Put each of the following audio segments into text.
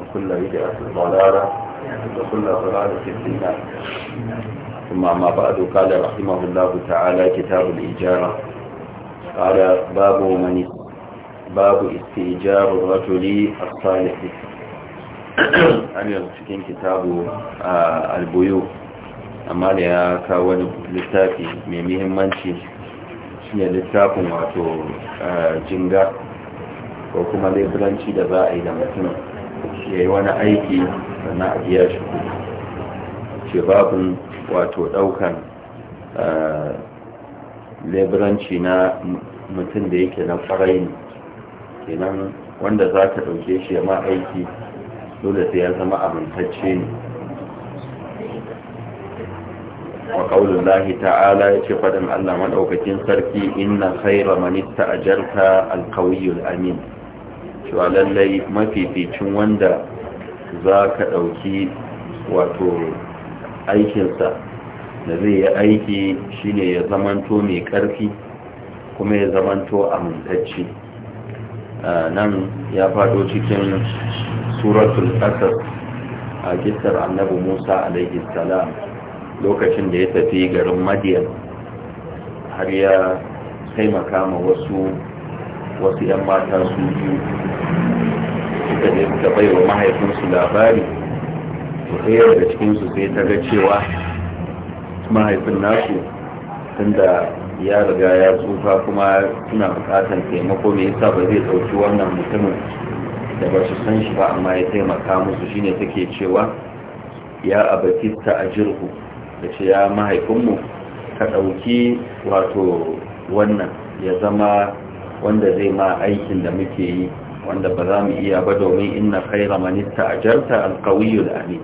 وكل بدعة ضلالة وكل ضلالة في النار ثم ما بعد قال رحمه الله تعالى كتاب الإجارة قال باب من باب استئجار الرجل الصالح أمير cikin kitabu albuyu amma da ya kawo wani littafi mai muhimmanci shi ne littafin wato jinga ko kuma da za a yi da mutum ya yi wani aiki sannan a biya shi ce babin wato daukan eh, leburanci na mutum da yake na farai kenan wanda za ka ɗauke shi ya ma aiki dole sai ya zama amintacce ne wa ƙaunin lahi ta'ala ya ce faɗin allah maɗaukakin sarki inna khaira manista jarka alkawiyul amin cewa lallai mafificin wanda za ka ɗauki wato aikinsa da zai yi aiki shine ya zamanto mai ƙarfi kuma ya zamanto amintacci nan ya fado cikin suratul ƙasar a gistar annabi musa alaihi salam lokacin da ya tafi garin madiyan har ya taimaka ma wasu wasu 'yan mata su biyu suka je suka bai wa mahaifinsu labari to ɗaya daga cikinsu sai ta ga cewa mahaifin nasu tunda ya riga ya tsufa kuma suna buƙatar taimako mai yasa ba zai ɗauki wannan mutumin da ba su san shi ba amma ya taimaka musu shine take cewa ya abatista a jirgu da ce ya mahaifinmu ka ɗauki wato wannan ya zama wanda zai ma aikin da muke yi wanda ba za mu iya ba domin inna khaira man ista'jarta al-qawiyyu al-amin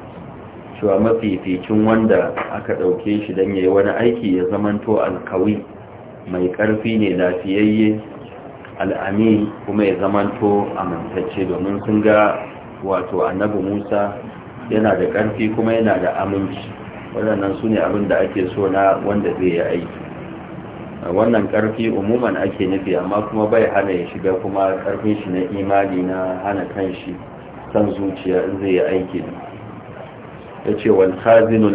cewa mafificin wanda aka dauke shi dan yayi wani aiki ya zamanto al mai karfi ne lafiyayye al-amin kuma ya zamanto amintacce domin sun ga wato annabi Musa yana da karfi kuma yana da aminci waɗannan su ne abin da ake so na wanda zai yi aiki wannan karfi umuman ake nufi amma kuma bai hana ya shiga kuma karfin shi na imani na hana kan shi san zuciya zai yi aiki ya ce wani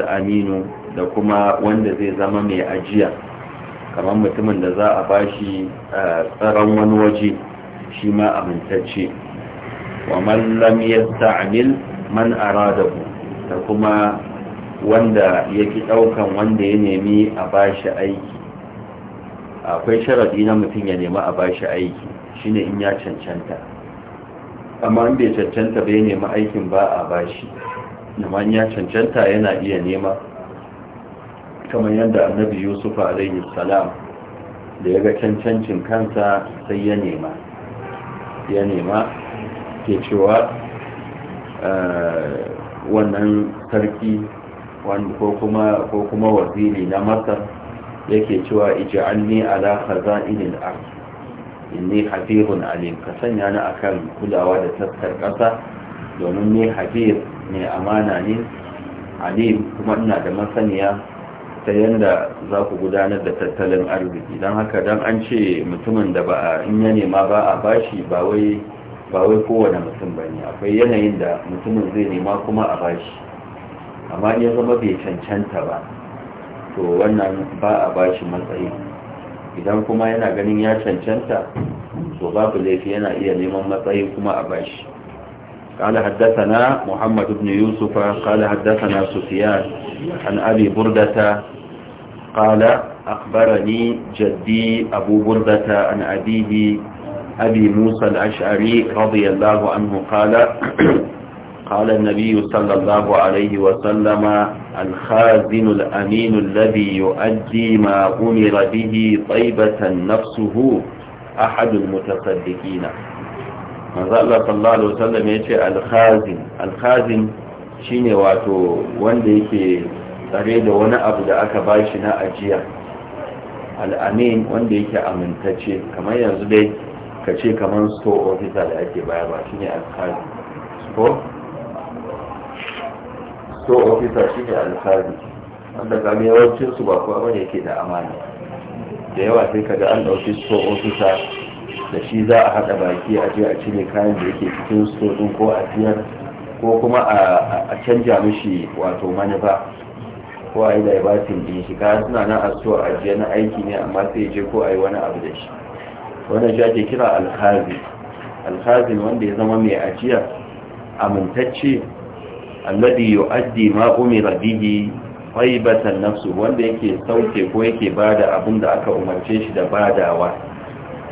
aminu da kuma wanda zai zama mai ajiya kamar mutumin da za a ba bashi tsaron wani waje shi ma amintacce wa mallam ya sa'amil man aradahu da kuma wanda ya yake ɗaukan wanda ya nemi a ba shi aiki akwai sharaɗi na mutum ya nema a bashi aiki shine in ya cancanta amma in bai cancanta bai nema aikin ba a bashi amma in ya cancanta yana iya nema kamar yadda annabi yusuf alaihi salam da ya ga cancancin kansa sai ya nema ya nema ke cewa eh, wannan sarki ko kuma waziri na masar yake cewa ij'alni ala khaza'inil ard inni hafizun alim ka sanya ni akan kulawa da taskar kasa domin ni hafiz ne amana ne alim kuma ina da masaniya ta yanda za ku gudanar da tattalin arziki don haka don an ce mutumin da ba in ya nema ba a bashi ba wai kowane mutum bane akwai yanayin da mutumin zai nema kuma a bashi amma ya zama bai cancanta ba to wannan ba a ba shi matsayi idan kuma yana ganin ya cancanta to babu laifi yana iya neman matsayi kuma a ba shi kala haddasa na muhammad ibn yusufa kala haddasa na sufiyan an abi burdata kala akbarani jaddi abuburdata burdata an abi musa al-ash'ari radiyallahu anhu kala قال النبي صلى الله عليه وسلم الخازن الأمين الذي يؤدي ما أمر به طيبة نفسه أحد المتصدقين manzo Allah sallallahu alaihi wasallam yace al-khazin al-khazin shine wato wanda yake tsare da wani abu da aka bashi na ajiya al-amin wanda yake amintacce kamar yanzu dai kace kamar store officer da ake ba al ko ofisa ne alhali wanda gami yawancin ba kuwa bane yake da amana da yawa sai kaga an dauki sto ofisa da shi za a haɗa baki a je a cire kayan da yake cikin store ɗin ko a siyar ko kuma a canja mishi wato manufa ko a yi daibatin ɗin shi kayan suna nan a so a je na aiki ne amma sai je ko a yi wani abu da shi wannan shi ake kira alhazi alhazin wanda ya zama mai ajiya amintacce alladhi yu'addi ma umira bihi taibatan nafsu wanda yake sauke ko yake bada abinda aka umarce shi da badawa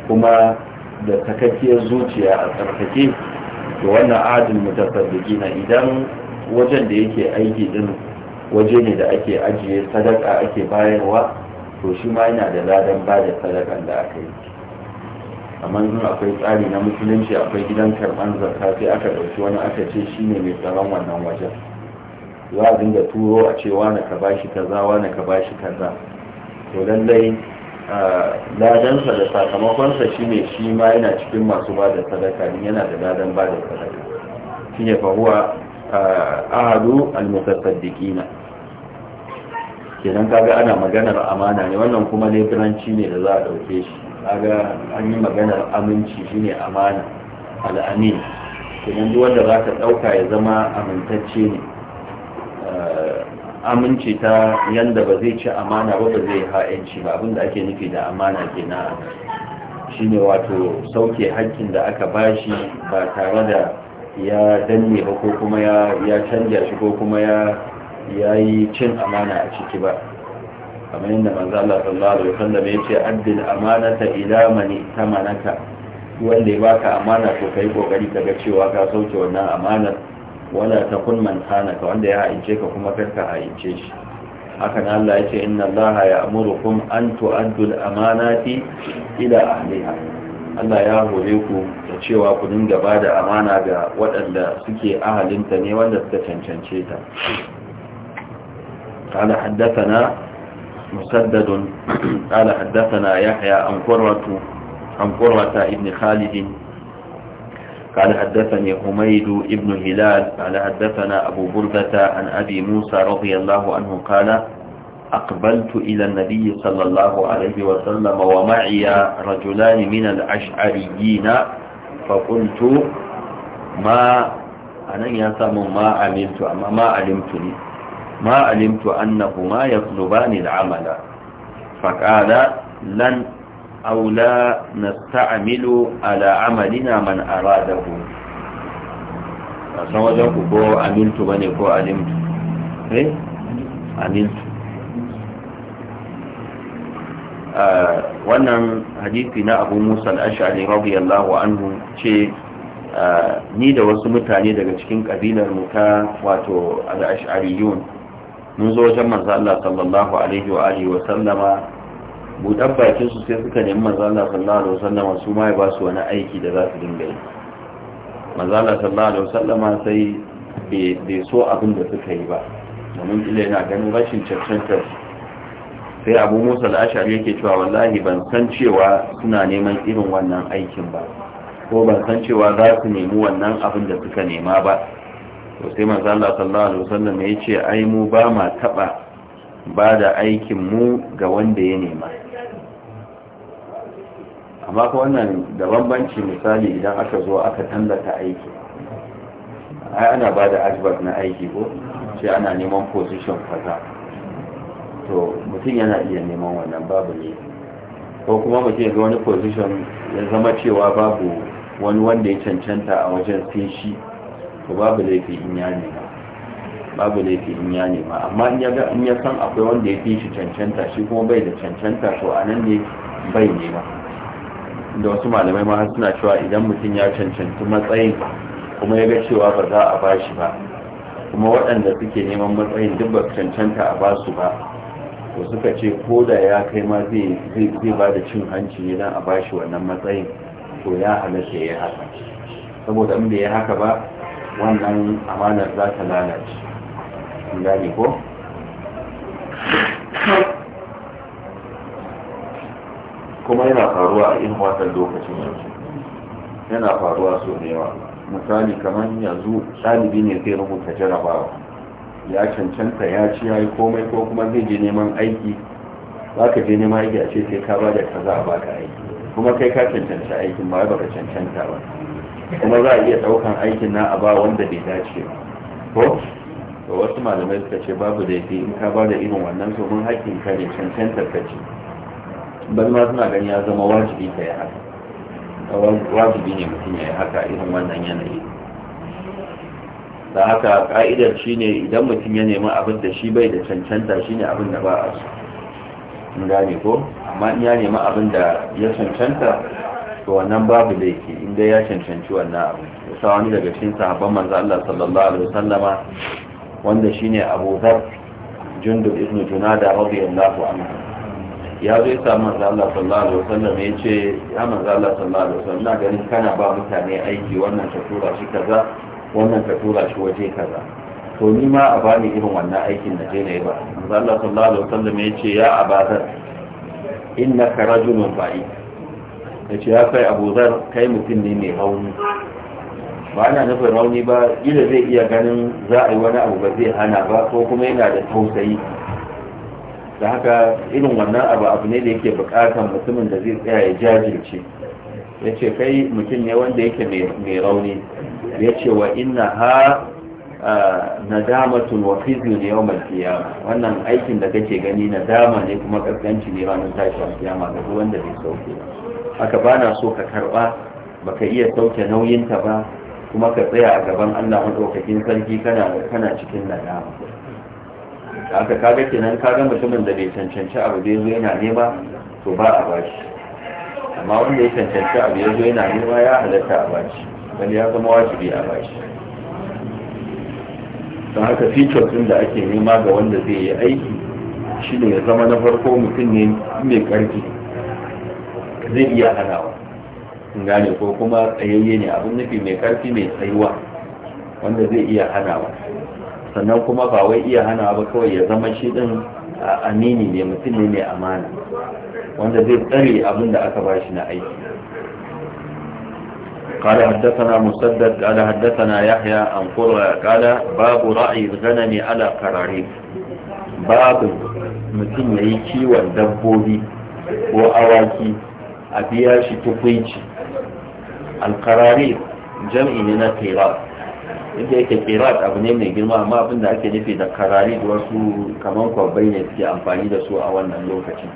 kuma da takakkiyar zuciya a tsarkake to wannan adin mutasaddiki na idan wajen da yake aiki din waje ne da ake ajiye sadaka ake bayarwa to shi ma yana da ladan bada sadakan da aka yi amma in akwai tsari na musulunci akwai gidan karban zakka sai aka ɗauki wani aka ce shi ne mai tsaron wannan wajen za a dinga turo a ce wane ka ba shi kaza wane ka ba shi kaza to lallai ladansa da sakamakonsa ne shi ma yana cikin masu ba da sadaka din yana da ladan ba da sadaka shine fa huwa ahadu almutasaddiqina kenan kaga ana maganar amana ne wannan kuma ne ne da za a dauke shi kaga an yi maganar aminci shine amana al'amin kenan duk wanda za ka ɗauka ya zama amintacce ne eh, aminci ta yanda ba zai ci amana ba ba zai ha'inci ba abinda ake nufi da amana ke shi shine wato sauke hakkin da aka bashi ba tare da ya danne ba ko kuma ya canja shi ko kuma ya yi cin amana a ciki ba kamar yadda manzo Allah sallallahu alaihi wasallam ya ce addil amanata ila mani tamanaka wanda ya baka amana to kai kokari kaga cewa ka sauke wannan amanar wala takun man khanaka wanda ya haince ka kuma karka haince shi haka nan Allah ya ce inna Allah ya'murukum an tu'addu al-amanati ila ahliha Allah ya hore ku da cewa ku dinga bada amana ga waɗanda suke ahalinta ne wanda suka cancance ta قال حدثنا مسدد قال حدثنا يحيى عن قرة عن قرة ابن خالد قال حدثني حميد ابن هلال قال حدثنا أبو بردة عن أبي موسى رضي الله عنه قال أقبلت إلى النبي صلى الله عليه وسلم ومعي رجلان من الأشعريين فقلت ما أنا يسمى ما علمت أما ما علمتني ma ما علمت أنهما يطلبان العمل فقال لن أو لا نستعمل على عملنا من أراده san wajen ku ko amintu ba ne ko alimtu eh amintu wannan hadithi na abu musa al'ashari radiyallahu anhu ce ni da wasu mutane daga cikin kabilar mu ta wato al'ashariyun mun zo wajen manzo Allah sallallahu alaihi wa alihi wa sallama budan bakin su sai suka nemi manzo Allah sallallahu alaihi wa sallama su ma ya ba su wani aiki da za su dinga yi manzo Allah sallallahu alaihi wa sallama sai bai so abin da suka yi ba domin kila yana ganin rashin cancantar sai abu musa al'ashari yake cewa wallahi ban san cewa suna neman irin wannan aikin ba ko ban san cewa za su nemi wannan abin da suka nema ba to sai manzo Allah sallallahu alaihi wasallam ya ce ai mu ba ma taba ba da aikin mu ga wanda ya nema amma ko wannan da bambanci misali idan aka zo aka tallata aiki ai ana ba da ajbar na aiki ko sai ana neman position kaza to mutum yana iya neman wannan babu ne ko kuma mutum ya ga wani position ya zama cewa babu wani wanda ya cancanta a wajen sai shi to babu laifi in ya nema babu laifi in ya nema amma in ya ga in ya san akwai wanda ya fi shi cancanta shi kuma bai da cancanta to a nan ne bai nema da wasu malamai ma suna cewa idan mutum ya cancanci matsayin kuma ya ga cewa ba za a bashi ba kuma waɗanda suke neman matsayin duk ba cancanta a basu ba to suka ce ko da ya kai ma zai ba da cin hanci ne dan a bashi wannan matsayin to ya halatta ya haka saboda in bai haka ba wannan amanar za ta lalace gane ko kuma yana faruwa a irin watan lokacin yanzu yana faruwa so da yawa misali kamar yanzu ɗalibi ne zai rubuta jarabawa ya cancanta ya ci ya komai ko kuma zai je neman aiki za ka je neman aiki a ce sai ka ba da kaza a baka aiki kuma kai ka cancanta aikin ba ba ka cancanta ba kuma za a iya ɗaukan aikin na a ba wanda bai dace ba ko to wasu malamai suka ce babu laifi in ka ba da irin wannan domin haƙƙin ka ne cancantar ka ce ban ma suna gani ya zama wajibi ka yi haka wajibi ne mutum ya yi haka irin wannan yanayi da haka ka'idar shi ne idan mutum ya nemi abin da shi bai da cancanta shi ne abin da ba a su gane ko amma in ya nemi abin da ya cancanta to wannan babu laifi inda ya cancanci wannan abu ya sa wani daga cikin sahabban manzo Allah sallallahu alaihi wasallama wanda shine Abu Dharr Jundub ibn Junada radiyallahu anhu ya zo ya samu manzo Allah sallallahu alaihi wasallam ya ce ya manzo Allah sallallahu alaihi wasallam na ganin kana ba mutane aiki wannan ka tura shi kaza wannan ka tura shi waje kaza to ni ma a bani irin wannan aikin da je na yi ba manzo Allah sallallahu alaihi wasallam ya ce ya abadar innaka rajulun ba'id ya ce ya kai abu zar kai mutum ne mai rauni ba ana nufin rauni ba gida zai iya ganin za a yi wani abu ba zai hana ba ko kuma yana da tausayi da haka irin wannan abu abu ne da yake bukatar mutumin da zai tsaya ya jajirce ya ce kai mutum ne wanda yake mai rauni ya ce wa inna ha nadamatun wa khizyun yawmal qiyamah wannan aikin da kake gani nadama ne kuma kaskanci ne ranar tashin kiyama ga wanda bai sauke ba haka bana so ka karba baka iya sauke nauyin ta ba kuma ka tsaya a gaban Allah maɗaukakin sarki kana kana cikin nadama haka kaga kenan ga mutumin da bai cancanci abu da yazo yana nema to ba a bashi amma wanda ya cancanci abu yazo yana nema ya halatta a bashi wani ya zama wajibi a bashi don haka features din da ake nema ga wanda zai yi aiki shine ya zama na farko mutum ne mai karfi zai iya hanawa gane ko kuma tsayayye ne abin nufi mai karfi mai tsayuwa wanda zai iya hanawa sannan kuma ba wai iya hanawa ba kawai ya zama shi din a amini ne mutum ne mai amana wanda zai tsare abin da aka bashi na aiki قال حدثنا مسدد قال حدثنا يحيى عن قرى قال باب رأي الغنم على قراريب باب mutum ya yi kiwon dabbobi ko awaki a biya shi tukunci alkarari jam'i ne na kera inda yake kirat abu ne mai girma amma abin da ake nufi da karari da wasu kamar kwabai ne suke amfani da su a wannan lokacin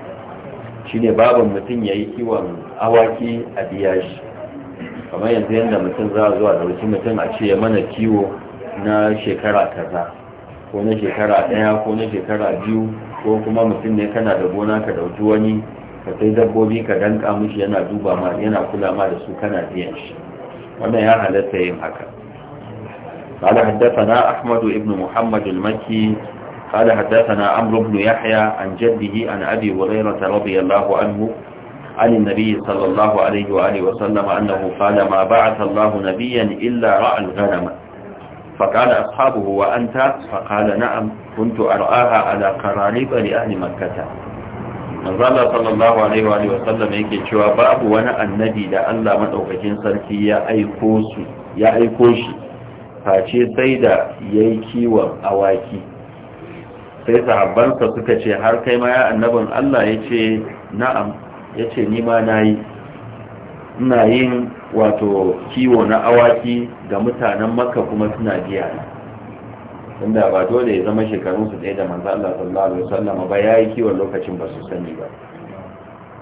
shi ne baban mutum ya yi kiwon awaki a biya shi kamar yanzu yadda mutum za a zuwa da wasu mutum a ce mana kiwo na shekara kaza ko na shekara ɗaya ko na shekara biyu ko kuma mutum ne kana da gona ka dauki wani ka sai dabbobi ka danka mishi yana duba ma yana kula ma da su kana biyan shi wannan ya halatta yin haka قال حدثنا أحمد بن محمد المكي قال حدثنا عمرو بن يحيى عن جده عن أبي هريرة رضي الله عنه عن النبي صلى الله عليه وآله وسلم أنه قال ما بعث الله نبيا إلا رأى الغنم فقال أصحابه وأنت فقال نعم كنت أرآها على قراريب لأهل مكة Allah sallallahu alaihi wa sallam yake cewa babu wani annabi da Allah madaukakin sarki ya aiko su ya aiko shi face sai da yayi kiwon awaki sai sahabbansa suka ce har kai ma ya annabin Allah yace na'am yace ni ma nayi ina yin wato kiwo na awaki ga mutanen makka kuma suna biya tunda ba dole ya zama shekarun su ɗaya da manzan Allah sallallahu alaihi wasallam ba ya yi kiwon lokacin ba su sani ba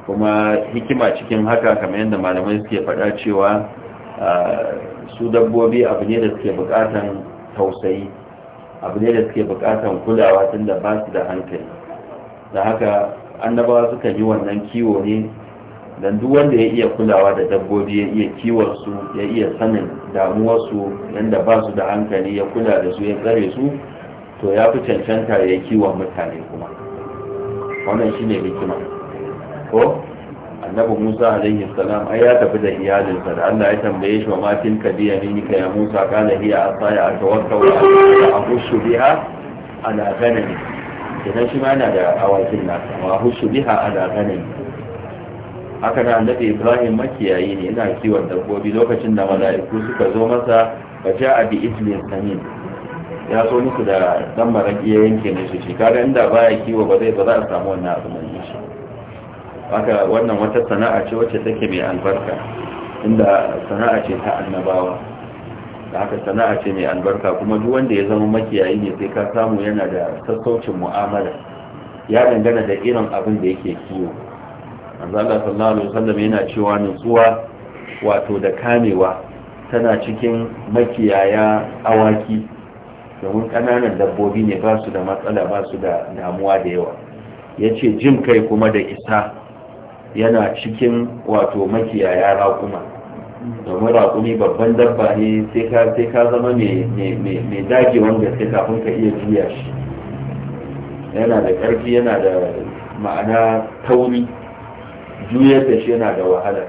kuma hikima cikin haka kamar yadda malamai suke faɗa cewa su dabbobi abu ne da suke buƙatan tausayi abu ne da suke buƙatan kulawa tunda ba su da hankali da haka annabawa suka yi wannan kiwo ne dan duk wanda ya iya kulawa da dabbobi ya iya kiwon su ya iya sanin damuwar su yanda ba su da hankali ya kula da su ya tsare su to ya fi cancanta ya kiwon mutane kuma wannan shine hikima ko annabi Musa alaihi salam ai ya tafi da iyalinsa da Allah ya tambaye shi wa ma tilka bi ni ya Musa kana hiya a atawakkau wa abushu biha ala ghanami idan shi ma yana da awakin nasa wa ahushu biha ala ghanami haka na annabi ibrahim makiyayi ne yana kiwon dabbobi lokacin da mala'iku suka zo masa ba ja a bi islin samin ya so musu da dan maraki ya yanke ne shi kaga inda baya kiwo ba zai ba za a samu wannan abu mai shi haka wannan wata sana'a ce wacce take mai albarka inda sana'a ce ta annabawa da haka sana'a ce mai albarka kuma duk wanda ya zama makiyayi ne sai ka samu yana da sassaucin mu'amala ya dangana da irin abin da yake kiwo Allah sallallahu alaihi wasallam yana cewa nutsuwa wato da kamewa tana cikin makiyaya awaki domin kananan dabbobi ne ba su da matsala ba su da damuwa da yawa yace ce jin kai kuma da isa yana cikin wato makiyaya raƙuma domin raƙumi babban dabba ne sai ka zama mai wanda sai kafin ka iya jiya shi yana da ƙarfi yana da ma'ana tauni. juyar da shi yana da wahala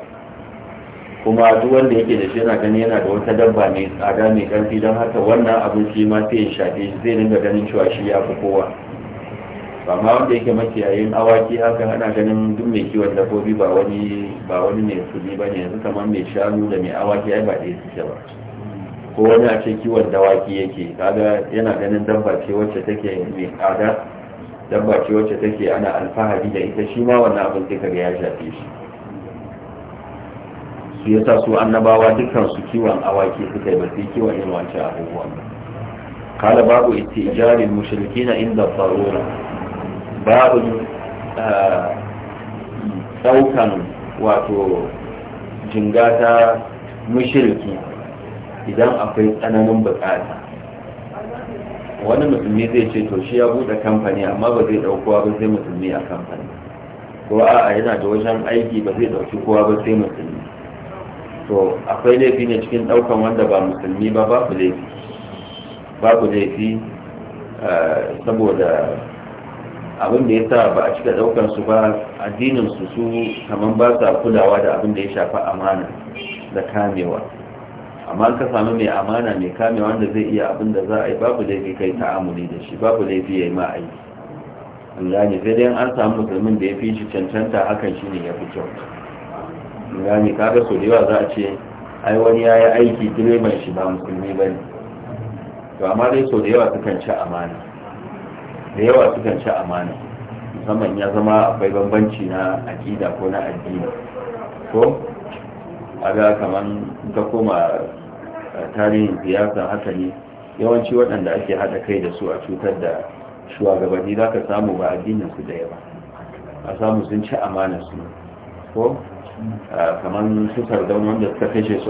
kuma duk wanda yake da shi yana gani yana da wata dabba mai tsada mai karfi don haka wannan abin shi ma sai ya shafe shi zai dinga ganin cewa shi ya fi kowa ba ma wanda yake makiyayin awaki haka ana ganin duk mai kiwon dabbobi ba wani ba wani mai suni ba ne yanzu kamar mai shanu da mai awaki ai ba ɗaya suke ba ko wani a ce kiwon dawaki yake kaga yana ganin dabba ce wacce take mai tsada dabba ce wacce take ana alfahari da ita shi ma wannan abin sai kaga ya shafe shi su su annabawa dukkan su kiwon awaki suka yi ba kiwon irin wancan abubuwan ba kala babu ittijari mushrikina inda darura babu ɗaukan eh, wato jinga ta idan akwai tsananin bukata wani musulmi zai ce to shi ya buɗe kamfani amma ba zai kowa ba sai musulmi a kamfani ko a'a yana da wajen aiki ba zai ɗauki kowa ba sai musulmi to akwai laifi ne cikin ɗaukan wanda ba musulmi ba babu laifi babu laifi eh, saboda abin da ya sa ba a cika ɗaukan su ba addinin su su kaman ba sa kulawa da abin da ya shafi amana da kamewa amma ka samu mai amana mai kame wanda zai iya abin da za a yi babu laifi kai ta'amuli da shi babu laifi ya yi ma aiki gani gane sai dai an samu musulmin da ya fi shi cancanta hakan shi ne ya fi kyau in gani kaga so da yawa za a ce ai wani ya yi aiki direban shi ba musulmi ba ne to amma dai so da yawa sukan ci amana da yawa sukan ci amana musamman ya zama akwai bambanci na aƙida ko na addini ko ga kamar ta koma tarihin siyasa haka ne yawanci waɗanda ake haɗa kai da su a cutar da shugabanni za ka samu ba addinin su da yawa a samu sun ci amana su ko kamar su sardaun wanda suka kashe su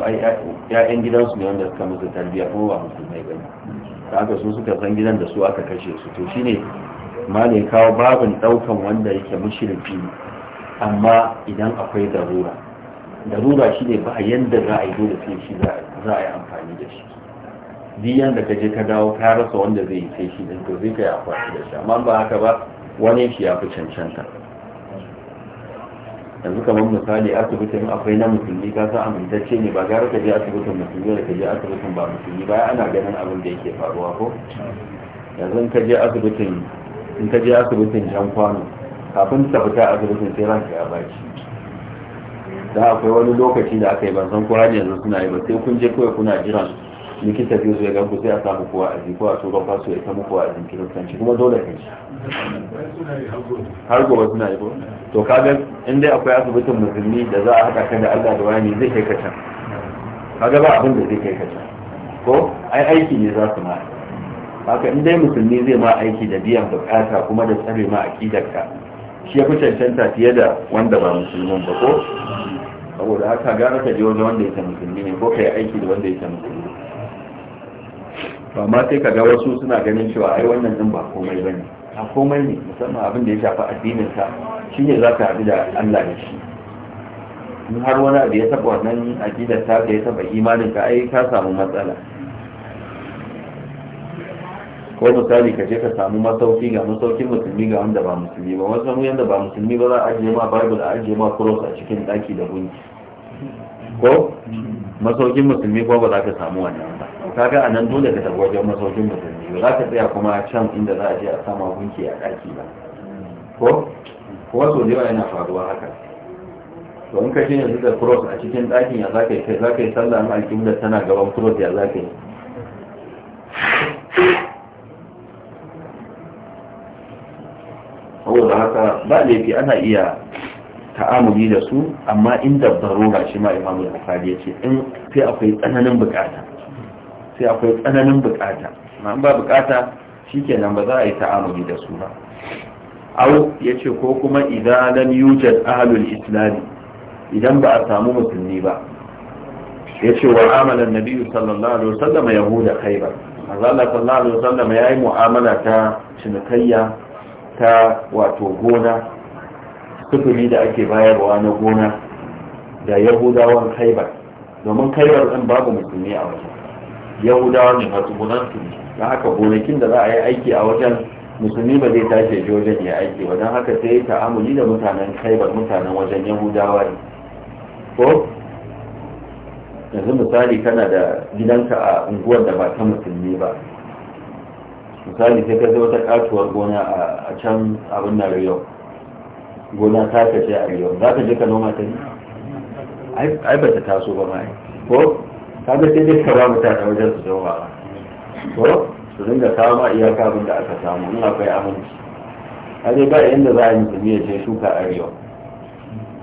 ya'yan gidansu ne wanda suka musu tarbiyya kuma ba mai gani ta haka su suka san gidan da su aka kashe su to shine ma ne kawo babin ɗaukan wanda yake fi amma idan akwai darura darura shi ne ba yadda za a yi dole sai shi za a yi amfani da shi duk yadda ka je ka dawo ka rasa wanda zai yi sai shi din to zai ka yi amfani da shi amma ba haka ba wani shi ya fi cancanta yanzu kamar misali asibitin akwai na musulmi ka san amintacce ne ba gara ka je asibitin musulmi da ka je asibitin ba musulmi ba ana ganin abin da yake faruwa ko yanzu ka je asibitin in ka je asibitin jan kwano kafin ta fita asibitin sai ranka ya baci da akwai wani lokaci da aka yi ban san ko yanzu suna yi ba sai kun je kawai kuna jiran likita biyu zai gan sai a samu kowa a jiko a tsoron faso ya samu kowa a jikin kiristanci kuma dole ne har gobe suna yi ba to kaga in dai akwai asibitin musulmi da za a haɗa ka da allah da wani zai kai kacan kaga ba abin da zai kai kacan ko ai aiki ne za su ma haka in dai musulmi zai ma aiki da biyan bukata kuma da tsare ma akidarka shi ya fi cancanta fiye da wanda ba musulman ba ko saboda haka gara ka je wajen wanda ya musulmi ne ko ka yi aiki da wanda yake musulmi ba ma sai ka ga wasu suna ganin cewa ai wannan din ba komai ba ne, a komai ne musamman abin da ya shafi addinin ka shine za ka haɗu da Allah da shi in har wani abu ya taɓa wannan addinin ta da ya taɓa imanin ka ai ka samu matsala ko misali ka je ka samu masauki ga masaukin musulmi ga wanda ba musulmi ba wasu mu yanda ba musulmi ba za a ajiye ma bible a ajiye ma cross a cikin daki da gunki ko masaukin musulmi ko ba za ka samu wannan ba kaga a nan dole ka tafi wajen masaukin musulmi ba za ka tsaya kuma a can inda za a je a sama gunki a daki ba ko ko wasu da yawa yana faruwa haka to in ka je yanzu da cross a cikin dakin ya za ka yi kai za ka yi sallah na alƙiblar tana gaban cross ya za ka yi saboda haka ba laifi ana iya ta'amuli da su amma inda barora shi ma imamu bukhari ya ce in sai akwai tsananin bukata sai akwai tsananin bukata amma ba bukata shikenan ba za a yi ta'amuli da su ba au ya ce ko kuma idan lam yujad ahlul islam idan ba a samu musulmi ba ya ce wa amalan nabi sallallahu alaihi wasallam yahuda khaybar Allah sallallahu alaihi wasallam yayi mu'amala ta cinikayya ta wato gona sufuri da ake bayarwa na gona da yahudawan kaibar domin kaibar ɗin babu musulmi a wajen yahudawa ne masu gonansu na haka gonakin da za a yi aiki a wajen musulmi ba zai tashi je wajen ya aiki ba don haka sai ta'amuli da mutanen kaibar mutanen wajen yahudawa ne ko yanzu misali kana da gidanka a unguwar da ba ta musulmi ba misali sai ka wata katuwar gona a can abin na riyo gona ta ka ce a riyo za ka je ka noma ta ne ai ba ta taso ba mai ko ka ga sai dai ka ba mutane wajen su zama ba ko su dinga kawo ma iyaka abin da aka samu in akwai aminci a dai ba inda za a yi mutum ya ce shuka a riyo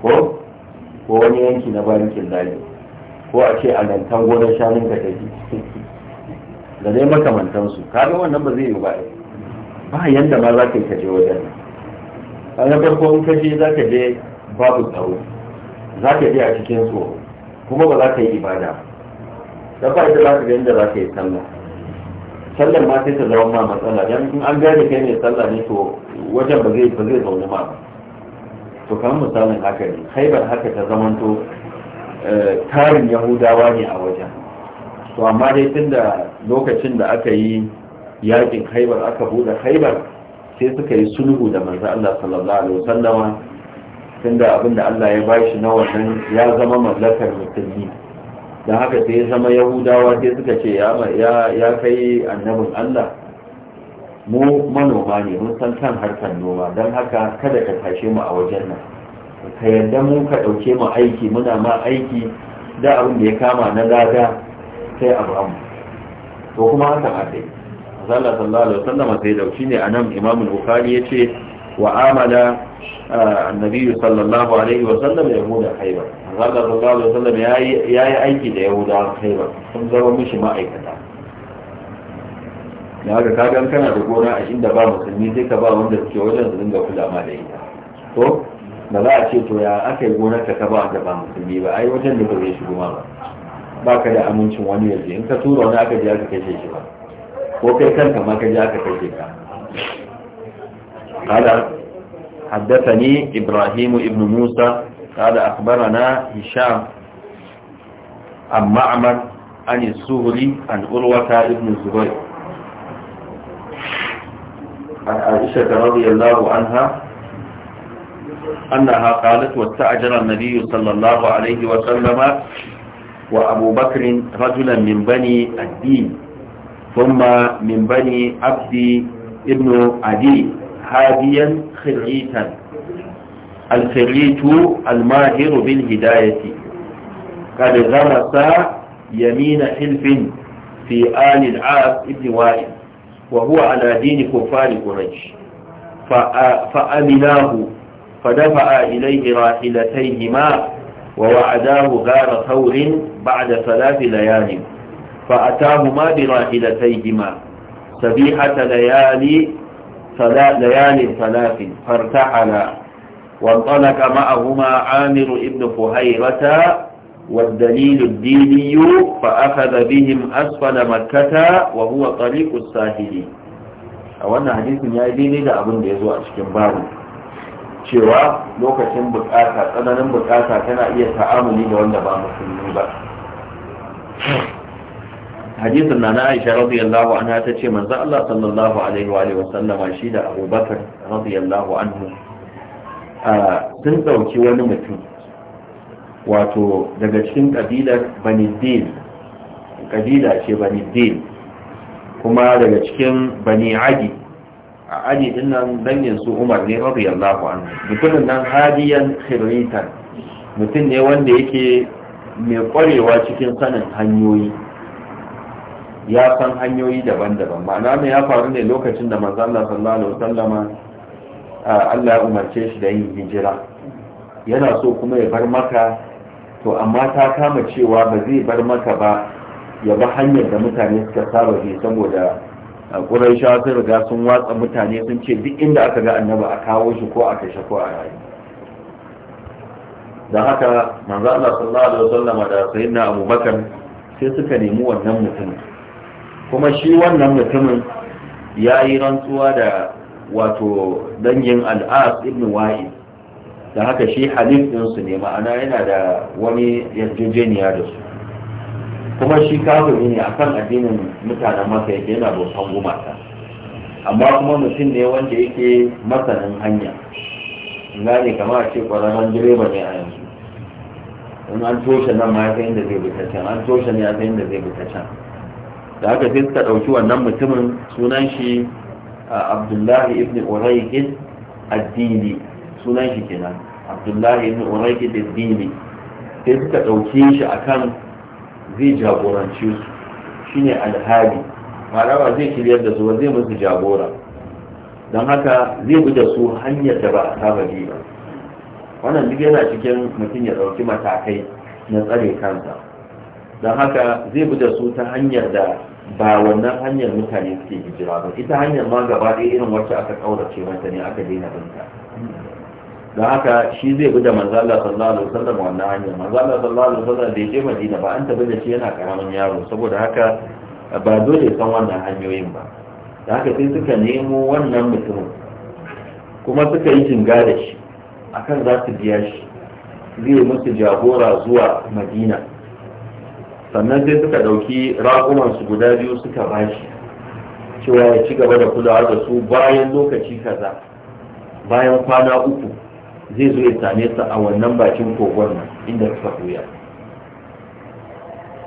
ko ko wani yanki na barikin layi ko a ce a lantan gonar shanun ka ta da dai makamantansu kaga wannan ba zai yi ba ba yanda ma za ka yi ka je wajen a na farko in ka je za ka je babu tsaro za ka je a cikin tsoro kuma ba za ka yi ibada da ba ita za ka yanda za ka yi sallah sallar ma sai ta zama ma matsala dan in an gane kai ne sallah ne to wajen ba zai ba zai zaune ma ba to kamar misalin haka ne haibar haka ta zamanto eh, tarin yahudawa ne a wajen to amma dai tunda lokacin da aka yi yakin haibar aka buɗe haibar sai suka yi sulhu da manzo Allah sallallahu alaihi wasallama tunda abin da Allah ya bashi na wannan ya zama mallakar musulmi don haka sai ya zama yahudawa sai suka ce ya kai annabin Allah mu manoma ne mun san kan harkar noma dan haka kada ka tashe mu a wajen nan ka yarda mu ka dauke mu aiki muna ma aiki da abin da ya kama na lada sai abramu to kuma haka aka yi zalla sallallahu alaihi wasallam sai da shi ne anan imamu bukhari yace wa amala annabi sallallahu alaihi wasallam yahuda haiba zalla sallallahu alaihi wasallam yayi yayi aiki da yahuda haiba sun zama mishi ma'aikata da haka ka kana da gona a inda ba musulmi sai ka ba wanda suke wajen su dinga kula ma da ita to ba za a ce to ya aka yi gonar ka ba wanda ba musulmi ba ai wajen da ba zai shigo ma ba ba ka da amincin wani yaje in ka tura wani aka je aka kashe shi ba ko kai kanka ma ka je aka kashe ka قال حدثني إبراهيم ابن موسى قال أخبرنا هشام عن معمر عن السهري عن أروة ابن الزبير عن عائشة رضي الله عنها أنها قالت واستأجر النبي صلى الله عليه وسلم وأبو بكر رجلا من بني الدين ثم من بني عبد ابن عدي هاديا خريتا الخريت الماهر بالهداية قد غرس يمين حلف في آل العاب ابن وائل وهو على دين كفار قريش فأمناه فدفع إليه راحلتيهما ووعداه غار ثور بعد ثلاث ليال فأتاهما براحلتيهما سبيحة ليالي ثلاث ليال ثلاث فارتحلا وانطلق معهما عامر ابن فهيرة والدليل الديني فأخذ بهم أسفل مكة وهو طريق الساحل أولا حديث يا ديني لا أظن يزوء أشكم بابه cewa lokacin bukata tsananin bukata tana iya ta'amuli da wanda ba musulmi ba hadisin na Aisha radiyallahu anha ta ce manzo Allah sallallahu alaihi wa alihi wasallama shi da Abu Bakar radiyallahu anhu sun dauki wani mutum wato daga cikin kabilar Bani Din kabila ce Bani Din kuma daga cikin Bani Adi a Adi din nan dangin su Umar ne radiyallahu anhu mutumin nan hadiyan khiritan mutum ne wanda yake mai kwarewa cikin sanin hanyoyi ya san hanyoyi daban-daban ma'ana mai ya faru ne lokacin da manzo sallallahu alaihi Allah ya umarce shi da yin hijira yana so kuma ya bar maka to amma ta kama cewa ba zai bar maka ba ya ba hanyar da mutane suka saba bi saboda ƙuraishawa sun riga sun watsa mutane sun ce duk inda aka ga annaba a kawo shi ko a kashe ko a rayu Da haka manzo Allah sallallahu alaihi wasallam da sayyidina Abu Bakar sai suka nemi wannan mutumin kuma shi wannan mutumin ya yi rantsuwa da wato dangin al'as ibn wa'i da haka shi halif ɗinsu ne ma'ana yana da wani yarjejeniya da su kuma shi kafiri ne akan addinin mutanen masa yake yana bautan gumata amma kuma mutum ne wanda yake masanin hanya gane kama a ce ƙwararren direba ne a yanzu in an toshe nan ma ya san inda zai bita can an toshe ne ya san inda zai bita can da haka sai suka ɗauki wannan mutumin sunan shi abdullahi ibn uraikin addini sunan shi kenan abdullahi ibn uraikin addini sai suka ɗauki shi akan zai jagoranci su shine alhadi malama zai shiryar da su zai musu jagora don haka zai bi da su hanyar da ba a saba bi ba wannan duk yana cikin mutum ya ɗauki matakai na tsare kansa don haka zai bi da su ta hanyar da ba wannan hanyar mutane suke hijira ba ita hanyar ma gaba ɗaya irin wacce aka ƙaurace mata ne aka daina binta don haka shi zai bi da manzala sallallahu alaihi wasallam wannan hanyar manzala sallallahu alaihi wasallam bai je madina ba an tabi da shi yana karamin yaro saboda haka ba dole san wannan hanyoyin ba da haka sai suka nemo wannan mutumin kuma suka yi jinga da shi akan za su biya shi zai musu jagora zuwa madina sannan sai suka ɗauki raƙumansu guda biyu suka bashi cewa ya ci gaba da kulawa da su bayan lokaci kaza bayan kwana uku zai zo ya same su a wannan bakin kogon nan inda suka koya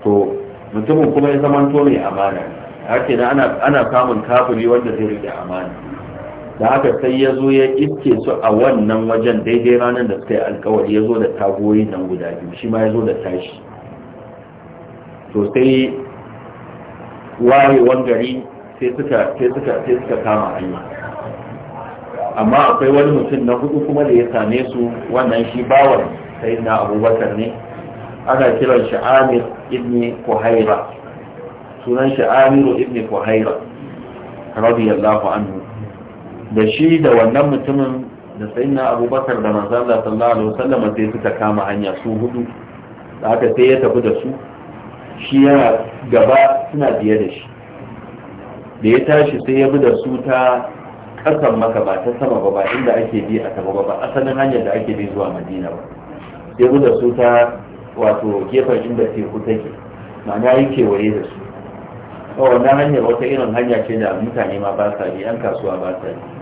to mutumin kuma ya zama mai amana ake ana ana samun kafiri wanda zai rike amana da haka sai ya zo ya iske su a wannan wajen daidai ranar da suka yi alkawari ya zo da tagoyi nan guda biyu shi ma ya zo da tashi to sai wayewan gari sai suka kama hanya amma akwai wani mutum na hudu kuma da ya same su wannan shi bawan sai na abubakar ne ana kiran shi amir ibn kuhaira sunan shi amiru ibn kuhaira radiyallahu anhu da shi da wannan mutumin da na abubakar da manzo Allah sallallahu alaihi wasallam sai suka kama hanya su hudu da aka sai ya tafi da su shi yana gaba suna biye da shi da ya tashi sai ya bi da su ta kasan maka ba ta sama ba ba inda ake bi a sama ba ba asalin hanyar da ake bi zuwa madina ba sai bi da su ta wato gefen inda teku take ma'ana yi kewaye da su wannan hanyar wata irin hanya ce da mutane ma ba sa bi yan kasuwa ba sa bi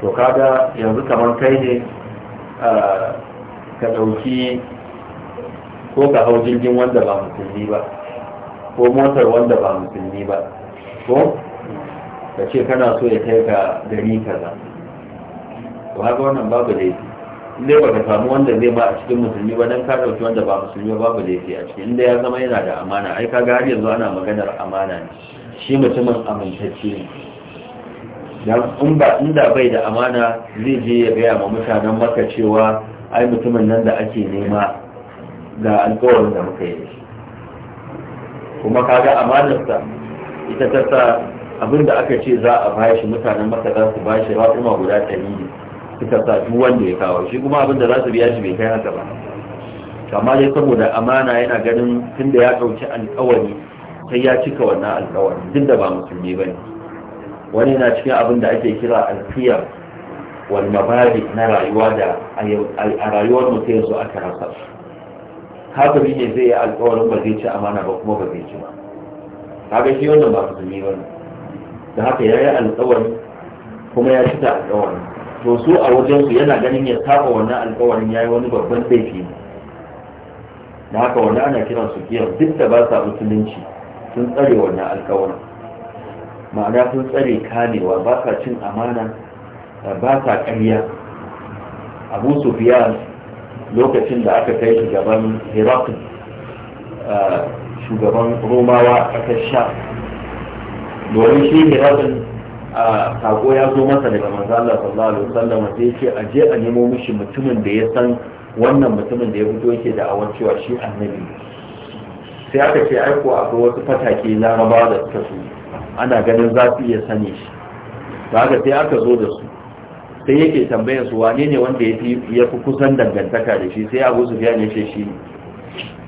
to kaga yanzu kamar kai ne ka ɗauki ko ka hau jirgin wanda ba musulmi ba ko motar wanda ba musulmi ba ko ka ce kana so ya kai ka gari kaza to haka wannan babu laifi inda ba ka samu wanda zai ba a cikin musulmi ba don ka ɗauki wanda ba musulmi ba babu laifi a cikin inda ya zama yana da amana ai kaga har yanzu ana maganar amana ne shi mutumin amintacce ne in da bai da amana zai je ya gaya ma mutanen maka cewa ai mutumin nan da ake nema ga alkawarin da muka yi kuma kaga amanarsa ita ta sa abin da aka ce za a bashi mutanen maka za su bashi raƙuma guda ɗari ne ita sa duk wanda ya kawo shi kuma abin da za su biya shi bai kai haka ba kamar dai saboda amana yana ganin tunda ya ɗauki alkawari sai ya cika wannan alkawari duk da ba musulmi ba ne wani na cikin abin da ake kira alfiyar wani mabari na rayuwa da a rayuwar mutum yanzu aka rasa su kafiri ne zai yi alkawarin ba zai ci amana ba kuma ba zai ci ba kaga shi wannan ba su ba ne da haka ya yi alkawari kuma ya ci ta alkawarin to su a wajen su yana ganin ya saba wannan alkawarin ya yi wani babban laifi ne da haka wannan ana kiran su kiyar duk da ba sa musulunci sun tsare wannan alkawarin ma'ana sun tsare kanewa ba sa cin amana ba sa ƙarya abu sufiyan lokacin da aka kai shugaban herakl shugaban romawa a ƙasar sha domin shi herakl a ya zo masa daga manzo Allah sallallahu alaihi wasallam sai ce a je a nemo mishi mutumin da ya san wannan mutumin da ya fito yake da awan cewa shi annabi sai aka ce ai ko akwai wasu fatake larabawa da suka su ana ganin za su iya sani shi da haka sai aka zo da su sai yake tambayar su wane ne wanda ya fi kusan dangantaka da shi sai abu su fiya ne shi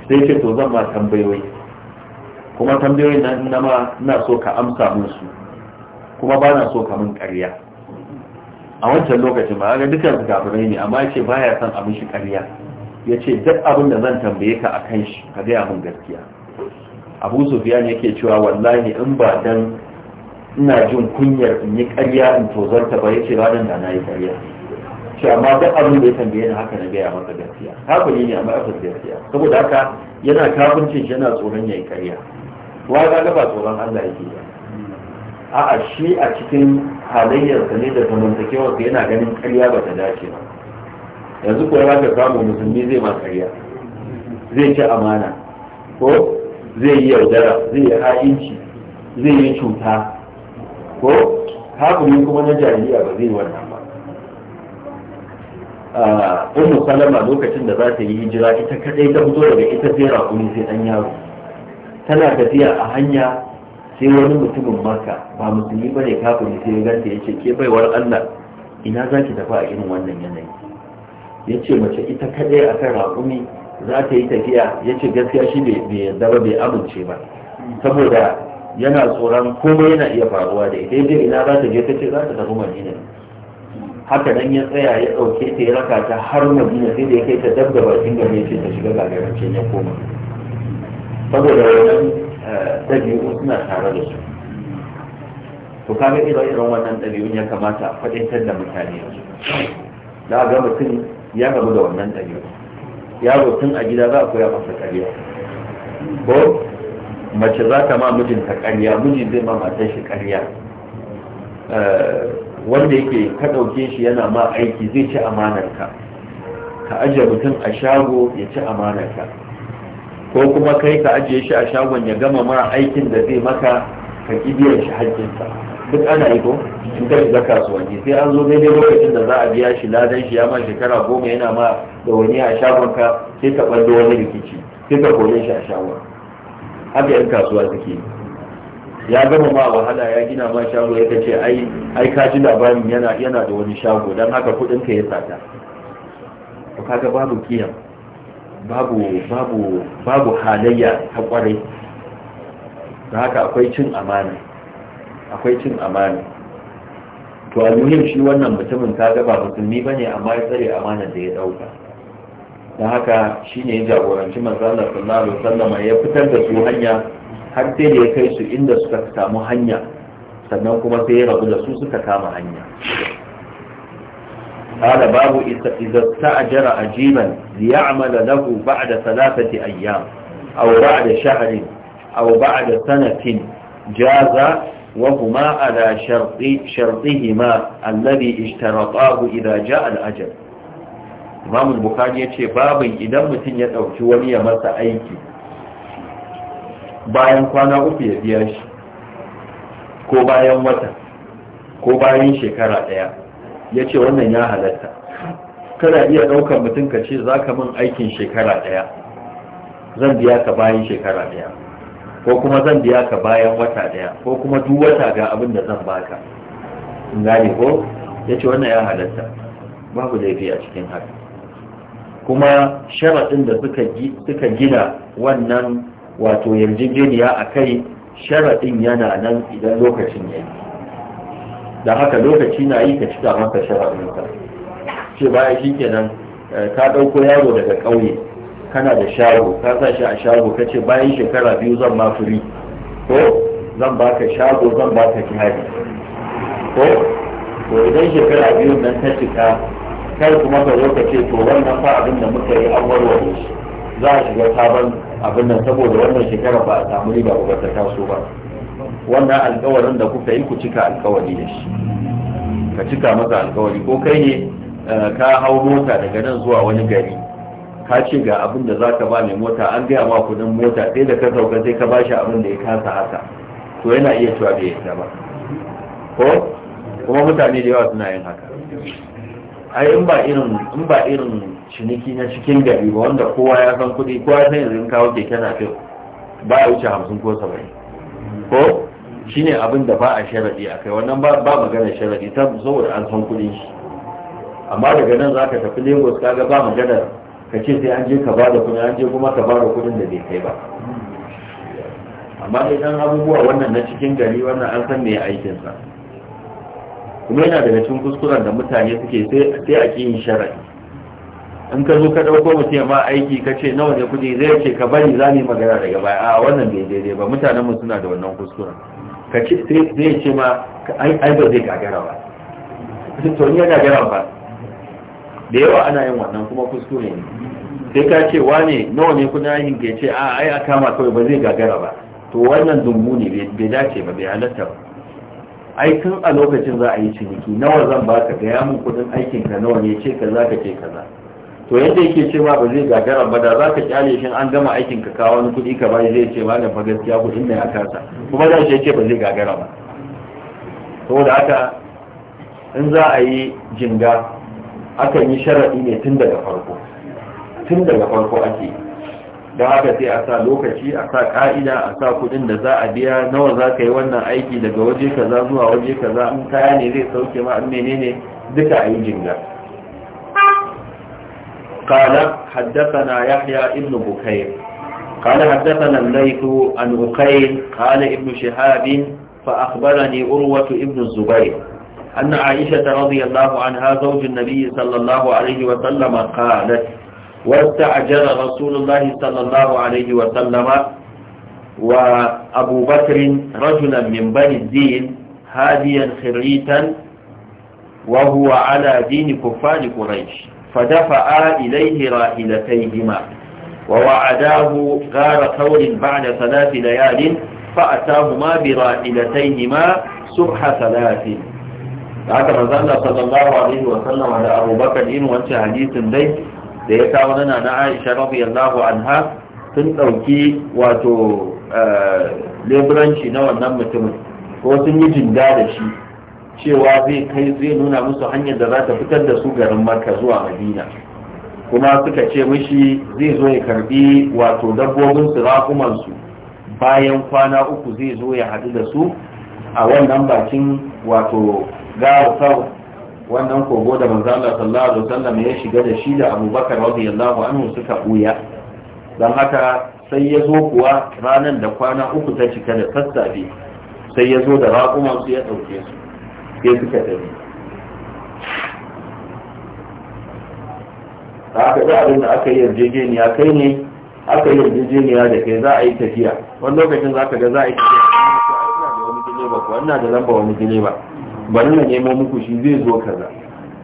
sai ce to zan ma tambayoyi kuma tambayoyin nan na ma ina so ka amsa musu kuma ba na so ka min ƙarya a wancan lokacin ba ga dukkan su ne amma yace baya son abin shi ƙarya yace duk abin da zan tambaye ka akan shi ka gaya min gaskiya abu sufiyan yake cewa wallahi in ba dan ina jin kunyar in yi karya in tozarta ba yace ranar da na yi karya ce amma duk abin da ya tambaye ni haka na gaya maka gaskiya kafin ne amma aka gaskiya saboda haka yana kafincin shi yana tsoron yayi karya wa ga ba tsoron Allah yake ba a'a shi a cikin halayyarsa ne da zamantakewarsa yana ganin karya ba ta dace ba yanzu ko ya ka samu musulmi zai ba karya zai ci amana ko zai yi yaudara zai yi ha'inci zai yi cuta ko hakumi kuma na jariya ba zai wannan ba ah, ummu salama lokacin da za ta yi hijira ita kadai ta fito daga ita sai raƙumi sai ɗan yaro tana tafiya a hanya sai wani mutumin maka ba musulmi ne kafin sai ya ganta ya ce ke baiwar allah ina za ki tafi a irin wannan yanayi ya ce mace ita kadai a kan raƙumi za ta yi tafiya ya ce gaskiya shi bai yarda ba bai amince ba saboda yana tsoron komai yana iya faruwa da ita yadda ina za ta je ta ce za ta tafi madina haka nan ya tsaya ya dauke ta ya raka ta har madina sai da ya kai ta dab da bakin da ya ce ta shiga gagarance ya koma saboda wannan dabi'u eh, suna tare da su to kaga ire-iren wannan ɗabi'un ya kamata a faɗin da mutane yanzu ga mutum ya rabu da wannan dabi'u yaro tun a gida za a koya masa ƙarya ko mace za ta ma mijinta ƙarya miji zai ma matan shi ƙarya eh, wanda yake ka ɗauke shi yana ma aiki zai ci amanarka ka ajiye mutum a shago ya ci amanarka ko kuma kai ka ajiye shi a shagon ya gama ma aikin da zai maka ka ƙi shi haƙƙinsa duk ana yi ko in ka shiga kasuwanci sai an zo daidai lokacin da za a biya shi ladan shi ya ma shekara goma yana ma da wani a shagon ka sai ka ɓallo wani rikici sai ka kone shi a shagon haka yan kasuwa suke ya gama ma wahala ya gina ma shago ya ce ai ai ka ji labarin yana yana da wani shago dan haka kuɗin ka ya sata to kaga babu kiyan babu babu babu halayya ta kwarai da haka akwai cin amana akwai cin amana to a shi wannan mutumin kaga ba musulmi ne amma ya tsare amanar da ya dauka don haka shine ya jagoranci manzo Allah sallallahu alaihi wasallam ya fitar da su hanya har sai da ya kai su inda suka samu hanya sannan kuma sai ya rabu da su suka kama hanya قال باب إذا استأجر أجيبا ليعمل له بعد ثلاثة أيام أو بعد شهر أو da sanatin jaza. وهما على شرط شرطهما الذي اشترطاه إذا جاء الأجل إمام البخاري يتشي باب إذا متن يتوكي ولي مسا أيكي bayan kwana uku ya biya shi ko bayan wata ko bayan shekara ɗaya ya ce wannan ya halatta kana iya ɗaukar mutum ka ce za ka min aikin shekara ɗaya zan biya ka bayan shekara ɗaya ko kuma zan biya ka bayan wata daya ko kuma duk wata ga abin da zan baka in gane ko ya ce wannan ya halatta babu laifi a cikin haka kuma sharaɗin da suka gina wannan wato yarjejeniya a kai sharaɗin yana nan idan lokacin ya yi da haka lokaci na yi ka cika maka ka ce baya shi kenan eh, ka ɗauko yaro daga ƙauye kana da shago ka sa shi a shago ka ce bayan shekara biyu zan ma firi ko zan baka shago zan baka jihadi ko to idan shekara biyu nan ta cika kar kuma ka zo ka ce to wannan fa abin da muka yi an warware shi za a shiga sabon abin nan saboda wannan shekara ba a samu riba ba ta taso ba wannan alkawarin da kuka yi ku cika alkawari da shi ka cika masa alkawari ko kai ne eh, ka hau mota daga nan zuwa wani gari ka ce ga abin da za ka ba mai mota an gaya ma kudin mota sai da ka sauka sai ka ba shi abin da ya kasa haka to yana iya cewa bai yadda ba ko kuma mutane da yawa suna yin haka ai in ba irin in ba irin ciniki na cikin gari ba wanda kowa ya san kuɗi kowa ya san yanzu in kawo keke na fi ba ya wuce hamsin ko saba'in ko shine abin da ba a sharaɗi a kai wannan ba magana sharaɗi saboda an san kuɗin shi amma daga nan za ka tafi lagos kaga ba magana. ka ce sai an je ka ba da kuɗi an je kuma ka ba da kuɗin da bai kai ba amma idan abubuwa wannan na cikin gari wannan an san me aikinsa kuma yana daga cikin kuskuren da mutane suke sai a kiyin shara'i in ka zo ka ɗauko mutum ma aiki ka ce nawa ne kuɗi zai ce ka bari za mu yi magana daga baya a wannan bai daidai ba mutanenmu suna da wannan kuskuren ka ce sai zai ce ma ai ba zai gagara ba to ni ya gagara ba da yawa ana yin wannan kuma kuskure ne sai ka ce wane nawa ne kuna yin ke ce a ai a kama kawai ba zai gagara ba to wannan dumbu ne bai dace ba bai halatta ba ai tun a lokacin za a yi ciniki nawa zan baka ga ya mun kudin aikin ka nawa ne ce kaza ka ce kaza to yadda yake cewa ba zai gagara ba da za ka kyale shi an gama aikin ka kawo wani kudi ka bai zai ce ne fa gaskiya kudin ne ya kasa kuma da shi yake ba zai gagara ba saboda haka in za a yi jinga akan yi sharaɗi ne tun daga farko tun daga farko ake da haka sai a sa lokaci a sa ƙa'ida a sa kuɗin da za a biya nawa za ka yi wannan aiki daga waje kaza zuwa waje kaza in kaya ne zai sauke ma in menene duka a yi jinga قال حدثنا يحيى ابن بكير قال حدثنا الليث عن عقيل قال ابن شهاب فأخبرني أروة ابن الزبير أن عائشة رضي الله عنها زوج النبي صلى الله عليه وسلم قالت واستعجل رسول الله صلى الله عليه وسلم وأبو بكر رجلا من بني الدين هاديا خريتا وهو على دين كفار قريش فدفعا إليه راحلتيهما ووعداه غار ثور بعد ثلاث ليال فأتاهما براحلتيهما سبح ثلاث da haka manzo Allah sallallahu alaihi wa sallam da Abu Bakar wancan hadisin dai da ya kawo nana na Aisha radiyallahu anha sun dauki wato eh, leburanci na wannan mutumin ko sun yi jinda da shi cewa zai kai zai nuna musu hanyar da za ta fitar da su garin Makka zuwa Madina kuma suka ce mishi zai zo ya karbi wato dabbobin su rakuman su bayan kwana uku zai zo ya hadu da su a wannan bakin wato gawar wannan kogo da manzo Allah sallallahu alaihi wasallam ya shiga da shi da Abubakar radiyallahu anhu suka buya dan haka sai ya zo kuwa ranar da kwana uku ta cika da sassafe sai ya zo da raƙuman su ya ɗauke su ke suka tafi da aka ga abin da aka yi yarjejeniya kai ne aka yi yarjejeniya da kai za a yi tafiya wani lokacin za ka ga za a yi tafiya ina da wani ko ina da lamba wani ba bari na nemo muku shi zai zo kaza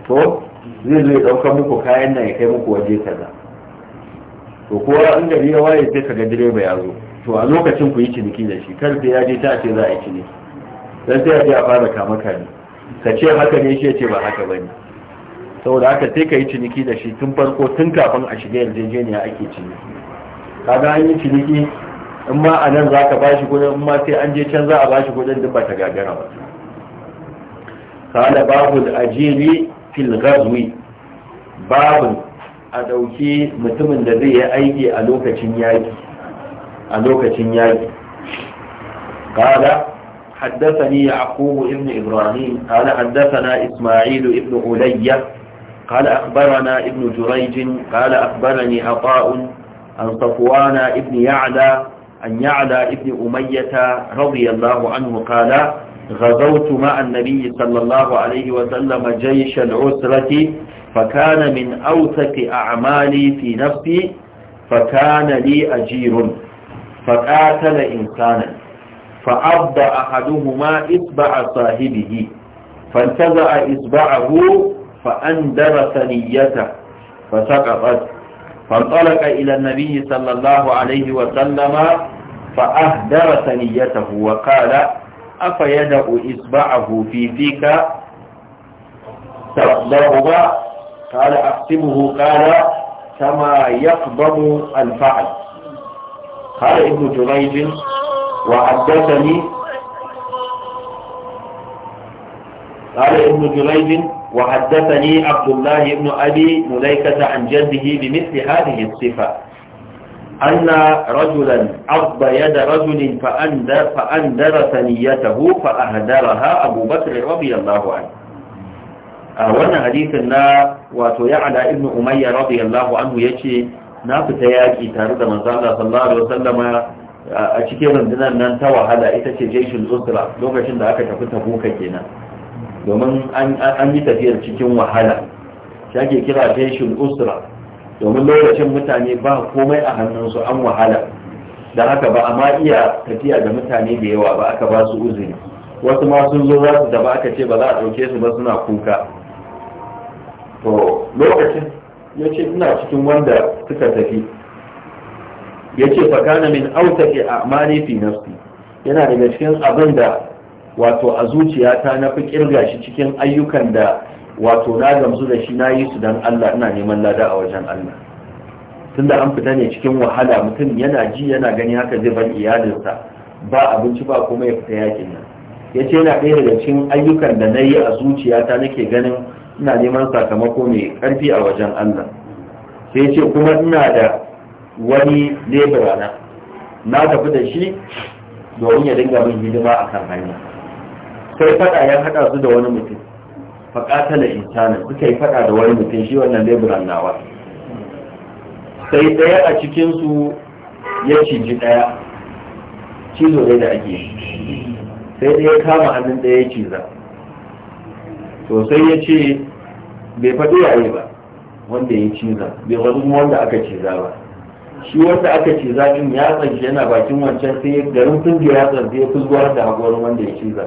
to zai zo ya dauka muku kayan nan ya kai muku waje kaza to kowa an gari ya waye sai kaga direba ya zo to a lokacin ku yi ciniki da shi kar sai ya je ta ce za a yi ciniki dan sai ya je a fara kama ne ka ce haka ne shi ya ce ba haka bane saboda haka sai ka yi ciniki da shi tun farko tun kafin a shiga yarjejeniya ake ciniki kaga an yi ciniki in ma a nan za ka bashi kudin in ma sai an je can za a bashi kudin duk ba ta gagara ba kala babu da ajili fil gazwi babu a ɗauki mutumin da zai yi aiki a lokacin yaƙi a lokacin yaƙi kala حدثني يعقوب ابن إبراهيم قال حدثنا إسماعيل ابن عليّة قال أخبرنا ابن جريج قال أخبرني عطاء عن صفوان ابن يعلى عن يعلى ابن أمية رضي الله عنه قال غزوت مع النبي صلى الله عليه وسلم جيش العسرة فكان من أوثق أعمالي في نفسي فكان لي أجير فقاتل إنسانا فأبض أحدهما إصبع صاحبه فانتزع إصبعه فأندر ثنيته فسقطت فانطلق إلى النبي صلى الله عليه وسلم فأهدر ثنيته وقال afa yada'u isba'ahu fi fika تقبضه قال أقسمه قال كما يقبض الفعل قال ابن جريج وحدثني قال ابن جريج وحدثني عبد الله بن أبي مليكة عن جده بمثل هذه الصفة anna rajulan abba yada rajulin fa'andara saniyatahu fa'ahadaraha abubakar radiyallahu anhu a wannan hadisin na wato ya'ala ibnu umayya radiyallahu anhu yace na fita yaƙi tare da manzo Allah sallallahu alaihi a cikin rundunar nan ta wahala ita ce jaishul usra lokacin da aka tafi tabuka kenan domin an yi tafiyar cikin wahala shi ake kira jaishul usra domin lokacin mutane ba komai a hannunsu an wahala da haka ba a iya tafiya da mutane da yawa ba aka ba su uzuri wasu ma sun zo za su da ba aka ce ba za a ɗauke su ba suna kuka to lokacin ya ce ina cikin wanda suka tafi ya ce fakana min ke a mani fi nafsi yana daga cikin abin da wato a zuciyata na fi kirga shi cikin ayyukan da wato na gamsu da shi na yi su don Allah ina neman lada a wajen Allah tunda an fita ne cikin wahala mutum yana ji yana gani haka zai bar iyalinsa ba abinci ba kuma ya fita yakin nan ya ce yana ɗaya daga cikin ayyukan da na yi a zuciyata nake ganin ina neman sakamako mai ƙarfi a wajen Allah sai ce kuma ina da wani lebura na na tafi da shi domin ya dinga min hidima a kan hanya sai faɗa ya haɗa su da wani mutum faƙatala insana suka yi faɗa da wani mutum shi wannan leburan nawa sai ɗaya a cikinsu ya ciji ɗaya cizo dai da ake sai ɗaya kama hannun ɗaya ya ciza to sai ya ce bai faɗi yayi ba wanda ya ciza bai faɗi wanda aka ciza ba shi wanda aka ciza ɗin ya tsanci yana bakin wancan sai garin fungi ya tsanci ya zuwa da haƙorin wanda ya ciza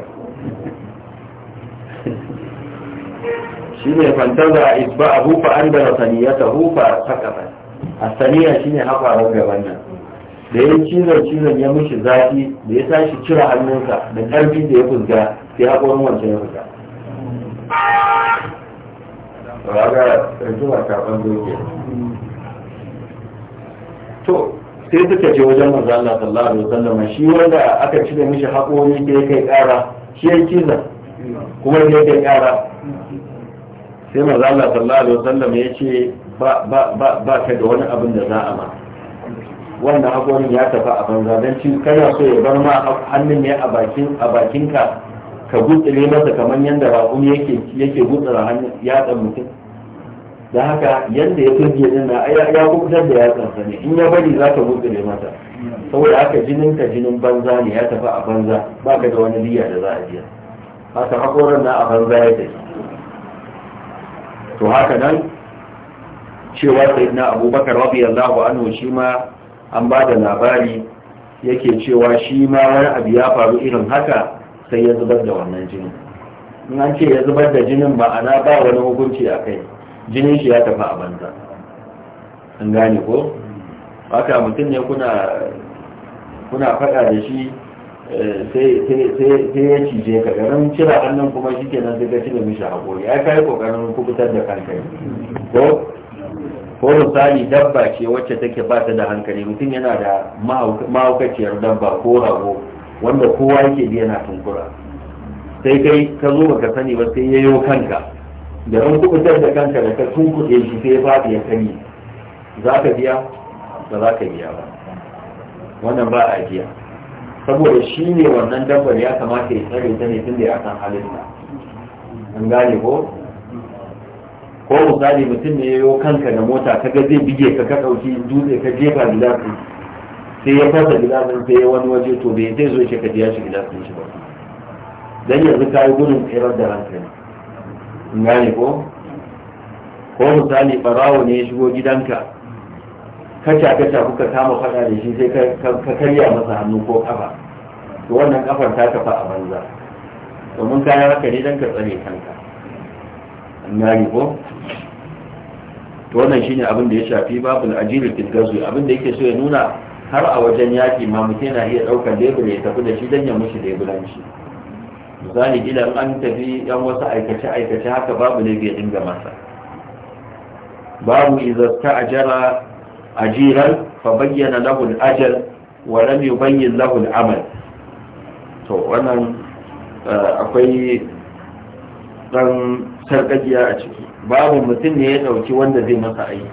shine fantaza hufa fa andara a saniya shi ne shine a gaban nan da ya cizon cizon ya mishi zafi da ya tashi cire hannunsa da ƙarfi da ya fusga sai haƙorin wancan ya fita to sai suka ce wajen maza Allah sallallahu alaihi wasallam shi wanda aka cire mishi haƙori ke kai ƙara shi ya cizon kuma ya kai ƙara sai maza Allah sallallahu alaihi wasallam ya ce ba ka da wani abin da za a ma wannan hakorin ya tafi a banza don cin kana so ya bar ma hannun ne a bakin a bakin ka gutsire masa kamar yadda raƙum yake yake gutsira hannun yatsan mutum da haka yadda ya turge din na ya kubutar da yatsan sa ne in ya bari za ka gutsire masa saboda haka jinin ka jinin banza ne ya tafi a banza ba ka da wani biya da za a biya haka hakorin na a banza ya tafi to haka nan cewa sayyidina abubakar radiyallahu anhu shi ma an ba da labari yake cewa shi ma wani abu ya faru irin haka sai ya zubar da wannan jinin in an ce ya zubar da jinin ma'ana ba wani hukunci a kai jinin shi ya tafi a banza an gane ko haka mutum ne kuna faɗa da shi sai ya cije ka ganin cira annan kuma shi ke nan sai cire mishi haƙori ya kai ƙoƙarin kubutar da kanka ko ko misali dabba ce wacce take ba ta da hankali mutum yana da mahaukaciyar dabba ko rago wanda kowa yake biya yana tunkura sai kai ka zo ka sani ba sai yayo kanka da ran kubutar da kanka da ka tunkuɗe shi sai ya faɗi ya kai za ka biya ba za ka biya ba wannan ba a biya saboda shi ne wannan dabbar ya kamata ya tsare ta ne tun da ya san halitta an gane ko ko misali mutum ne yayo kanka da mota ka ga zai bige ka ka ɗauki dutse ka jefa gilasu sai ya fasa gilasun sai ya wani waje to bai zai zo shi ka biya shi gilasun shi ba dan yanzu ka yi gudun tsirar da ranka ne an gane ko ko misali ɓarawo ne ya shigo gidanka ka kaca kuka kama faɗa da shi sai ka karya masa hannu ko kafa to wannan kafar ta kafa a banza domin kayan haka ne don ka tsare kanka an gane ko to wannan shine abin da ya shafi babul ajiri fil gazu abin da yake so ya nuna har a wajen yaki ma mutum yana iya daukar lebur ya tafi da shi dan ya mushi leburanci misali idan an tafi yan wasu aikace aikace haka babu ne bai dinga masa babu idza ajara ajiran fa bayyana lahu al-ajal wa lam yubayyin lahu al-amal to wannan eh, akwai dan sarkakiya a ciki babu mutum ne ya dauki wanda zai masa aiki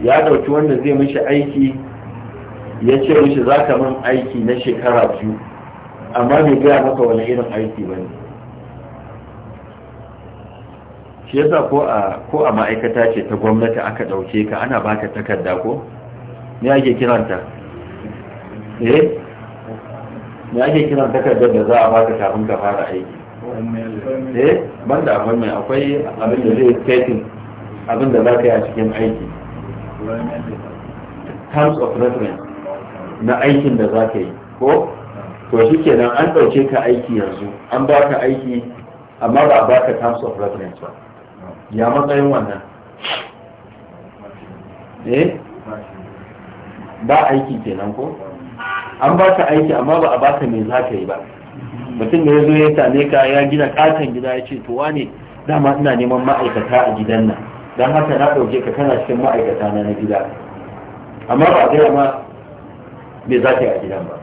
ya dauki wanda zai mishi aiki ya ce mishi za ka min aiki na shekara biyu amma bai gaya maka wani irin aiki ba ne shi yasa ko a ko a ma'aikata ce ta gwamnati aka dauke ka ana baka takarda ko me ake kiranta eh me ake kiran takarda da za a baka kafin ka fara aiki eh banda akwai mai akwai abin da zai stating abin da za ka yi a cikin aiki terms of reference na aikin da za ka yi ko to shi kenan an ɗauke ka aiki yanzu an baka aiki amma ba a baka terms of reference ba ya matsayin wannan eh ba aiki kenan ko an ba ta aiki amma ba a ba ta me za yi ba mutum da ya zo ya same ka ya gina katon gida ya ce to wane dama ina neman ma'aikata a gidan nan don haka na ɗauke ka kana cikin ma'aikata na na gida amma ba gaya ma me za yi a gidan ba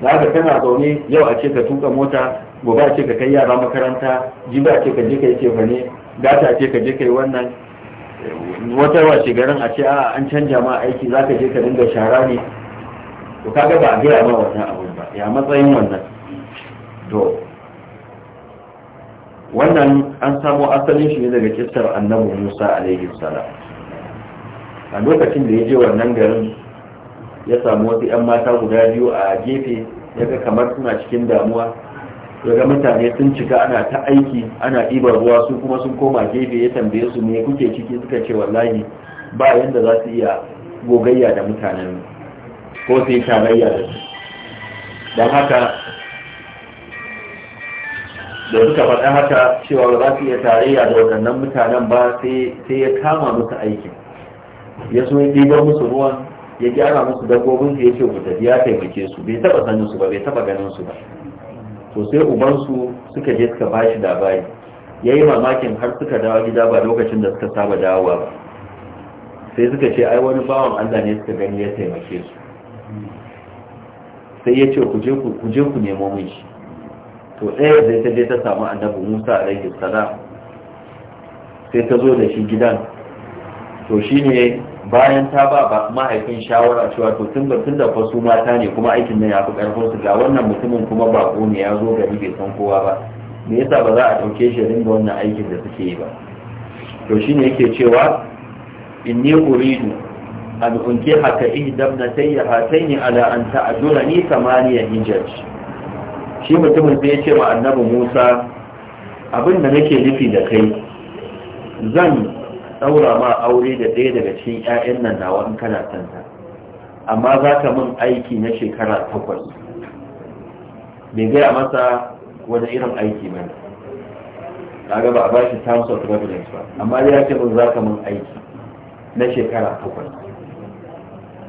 da haka kana zaune yau a ce ka tuka mota gobe a ce ka kai yara makaranta jibi a ce ka je ka yi cefane gata ce ka je kai wannan wata ce garin a ce a an canja ma aiki za ka je ka dinga shara ne to kaga ba a gaya ma wannan abun ba ya matsayin wannan to wannan an samo asalin shi ne daga kistar annabi musa alaihi salam a lokacin da ya je wannan garin ya samu wasu 'yan mata guda biyu a gefe ya ga kamar suna cikin damuwa daga mutane sun cika ana ta aiki ana ɗibar ruwa su kuma sun koma gefe ya tambaye su me kuke ciki suka ce wallahi ba yadda za su iya gogayya da mutanen ko su yi tarayya da su don haka da suka faɗa haka cewa ba za su iya tarayya da waɗannan mutanen ba sai ya kama musu aiki. ya so ya musu ruwan ya gyara musu dabbobin ya ce ku tafi ya taimake su bai taɓa sanin su ba bai taɓa ganin su ba to sai ubansu suka je suka ba shi labari ya yi mamakin har suka dawo gida ba lokacin da suka saba dawowa ba sai suka ce ai wani bawan allah ne suka gani ya taimake su sai ya ce ku je ku nemo miji. shi to ɗaya zai ta je ta samu annabi musa a rage sana sai ta zo da shi gidan to shi ne bayan ta ba ba mahaifin shawara cewa to tun tun da fa su mata ne kuma aikin nan ya fi karfin su ga wannan mutumin kuma bako ne ya zo gari bai san kowa ba me yasa ba za a dauke shi ringa wannan aikin da suke yi ba to shine yake cewa inni uridu an unki haka ihdabnatay hatayn ala an ni thamaniya hijaj shi mutumin sai ya ce ma annabi Musa abin da nake nufi da kai zan Tsaura ma aure da ɗaya daga cikin 'ya'yan nan nawa in kana santa amma za ka min aiki na shekara takwas bai gaya masa wani irin aiki mai kaga ba a ba shi terms of reference ba amma dai ya ce min za ka min aiki na shekara takwas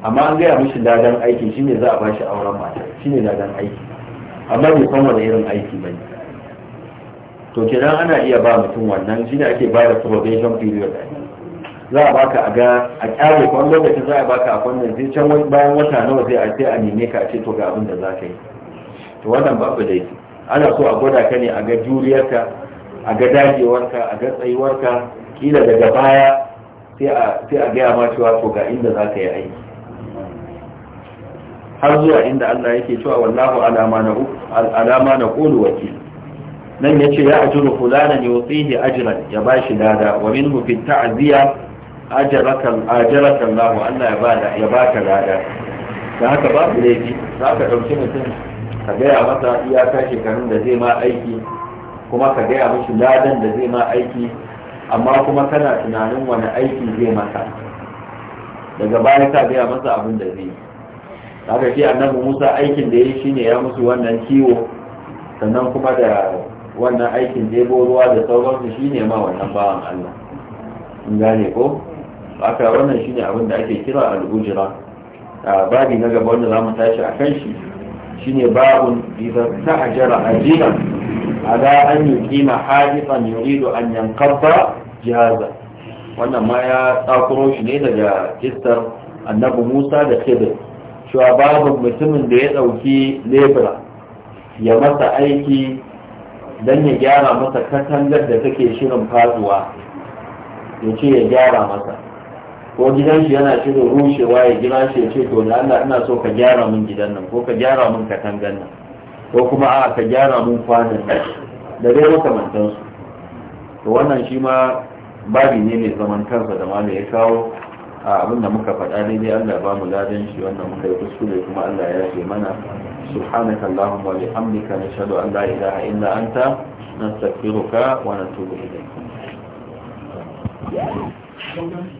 amma an gaya mishi ladan aiki shine za a ba shi auren mata shine ladan aiki amma bai san wani irin aiki ba ne to kenan ana iya ba mutum wannan shine ake ba da probation period za a baka a ga a kyale ko lokacin za a baka a fannin sai can bayan wata nawa zai a ce a nime ka a ce to ga abin da za ka yi to wannan ba ku laifi ana so a gwada ka ne a ga juriyarka a ga dagewarka a ga tsayuwarka kila daga baya sai a gaya ma cewa to ga inda za ka yi aiki har zuwa inda Allah yake cewa wallahu alama na ƙulu wakil nan ya ce ya ajuru fulana ne wutsihi ajiran ya ba shi dada wa minhu fi ta'aziyya ajarakan ajarakan lahu Allah ya bada ya baka lada da haka ba babu laifi za ka ɗauki mutum ka gaya masa iyaka shekarun da zai ma aiki kuma ka gaya mishi ladan da zai ma aiki amma kuma kana tunanin wani aiki zai masa daga baya ka gaya masa abin da zai haka shi annabi musa aikin da ya yi shine ya musu wannan kiwo sannan kuma da wannan aikin jebo ruwa da sauransu shine ma wannan bawan allah in gane ko haka wannan shine abin da ake kira alujira ujra babi na gaba wanda zamu tashi a akan shi shine babun idan ta'ajara ajiran ala an yuqima hadithan yuridu an yanqadda jihaza wannan ma ya tsakuro shi ne daga kistar annabi Musa da Khidir cewa babu mutumin da ya dauki lebra ya masa aiki dan ya gyara masa katangar da take shirin fasuwa ya ce ya gyara masa ko gidan shi yana shirin rushewa ya jira shi ya ce to da Allah ina so ka gyara mun gidan nan ko ka gyara mun katangan nan ko kuma a ka gyara mun kwanan nan da dai makamantan su to wannan shi ma babi ne mai zaman kansa da malam ya kawo a abin da muka faɗa daidai Allah ba mu ladan shi wannan muka yi kuskure kuma Allah ya ce mana subhanaka allahumma wa bihamdika nashhadu an la ilaha illa anta nastaghfiruka wa natubu ilayk Yeah.